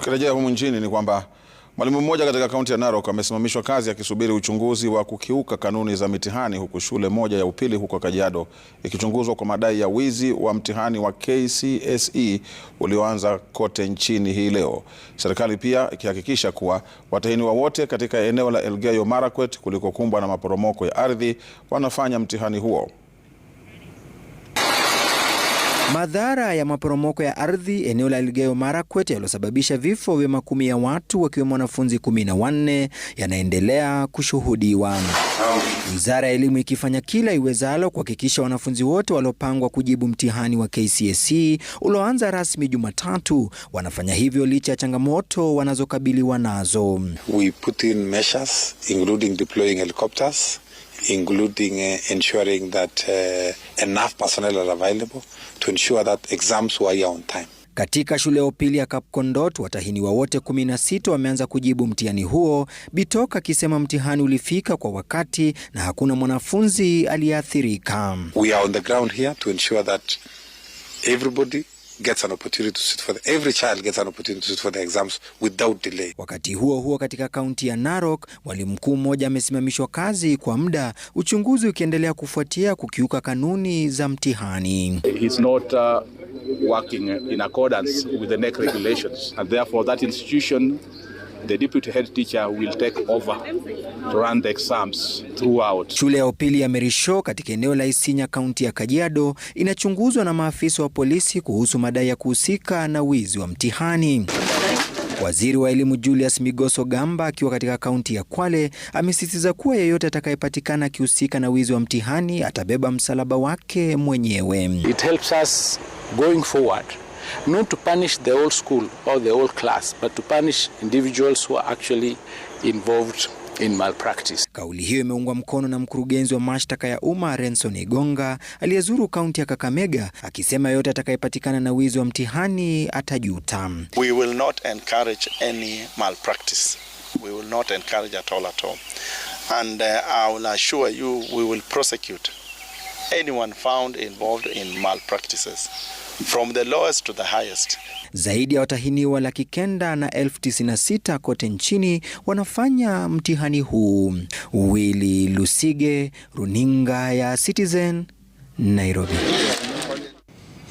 Tukirejea humu nchini ni kwamba mwalimu mmoja katika kaunti ya Narok amesimamishwa kazi akisubiri uchunguzi wa kukiuka kanuni za mitihani huku shule moja ya upili huko Kajiado ikichunguzwa kwa madai ya wizi wa mtihani wa KCSE ulioanza kote nchini hii leo. Serikali pia ikihakikisha kuwa watahiniwa wote katika eneo la Elgeyo Marakwet kulikokumbwa na maporomoko ya ardhi wanafanya mtihani huo. Madhara ya maporomoko ya ardhi eneo la Elgeyo Marakwet yaliyosababisha vifo vya makumi ya watu wakiwemo wanafunzi kumi na wanne yanaendelea kushuhudiwa, wizara ya elimu ikifanya kila iwezalo kuhakikisha wanafunzi wote waliopangwa kujibu mtihani wa KCSE ulioanza rasmi Jumatatu wanafanya hivyo licha ya changamoto wanazokabiliwa nazo. We put in measures, including deploying helicopters including uh, ensuring that uh, enough personnel are available to ensure that exams were here on time. Katika shule ya upili ya Kapkondot watahiniwa wote 16 wameanza kujibu mtihani huo, Bitok akisema mtihani ulifika kwa wakati na hakuna mwanafunzi aliyeathirika. We are on the ground here to ensure that everybody gets an opportunity to sit for the, every child gets an opportunity to sit for the exams without delay. Wakati huo huo, katika kaunti ya Narok, mwalimu mkuu mmoja amesimamishwa kazi kwa muda, uchunguzi ukiendelea kufuatia kukiuka kanuni za mtihani. He's not, uh, working in accordance with the NEC regulations and therefore that institution The deputy head teacher will take over to run the exams throughout. Shule ya upili ya Merisho katika eneo la Isinya kaunti ya Kajiado inachunguzwa na maafisa wa polisi kuhusu madai ya kuhusika na wizi wa mtihani. Waziri wa elimu Julius Migoso Gamba akiwa katika kaunti ya Kwale amesisitiza kuwa yeyote atakayepatikana akihusika na wizi wa mtihani atabeba msalaba wake mwenyewe. It helps us going forward not to punish the whole school or the whole class, but to punish individuals who are actually involved in malpractice. Kauli hiyo imeungwa mkono na mkurugenzi wa mashtaka ya umma Renson Igonga aliyezuru kaunti ya Kakamega akisema yote atakayepatikana na wizi wa mtihani atajuta. We will not encourage any malpractice. We will not encourage at all at all. And uh, I will assure you we will prosecute anyone found involved in malpractices from the lowest to the highest. Zaidi ya watahiniwa laki kenda na elfu tisini na sita kote nchini wanafanya mtihani huu. Willy Lusige, runinga ya Citizen, Nairobi.